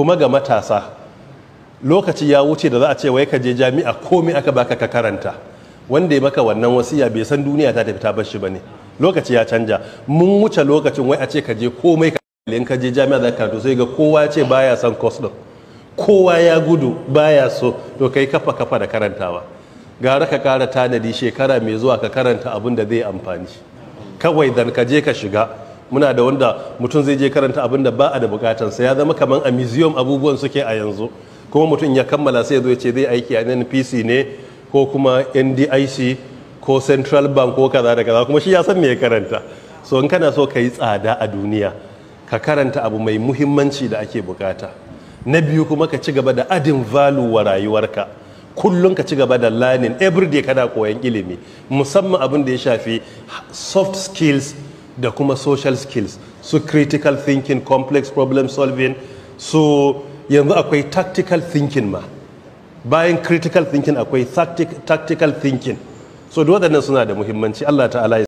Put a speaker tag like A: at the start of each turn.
A: kuma ga matasa lokaci ya wuce da za a ce wai ka je jami'a komai aka baka ka karanta wanda ya maka wannan wasiya bai san duniya ta tafi ta bar shi ne. lokaci ya canja mun wuce lokacin wai a ce ka je komai ka in ka je jami'a za ka karatu sai ga kowa ce baya son course kowa ya gudu baya so to kai kafa kafa da karantawa gara ka kara tanadi shekara mai zuwa ka karanta abin da zai amfani kawai dan ka je ka shiga muna da wanda mutum zai je karanta abin da ba a da bukatansa ya zama kamar a museum abubuwan suke a yanzu kuma mutum ya kammala sai ya zo ya ce zai aiki a npc ne ko kuma ndic ko central bank ko kaza da kaza kuma shi ya san me ya karanta so in kana so ka yi tsada a duniya ka karanta abu mai muhimmanci da ake bukata na biyu kuma ka ci gaba da adin valu wa rayuwarka kullum ka ci gaba da learning everyday kana koyon ilimi musamman abin da ya shafi soft skills da kuma social skills su critical thinking complex problem solving su yanzu akwai tactical thinking ma bayan critical thinking akwai tactical thinking so waɗannan suna da muhimmanci Allah ta'ala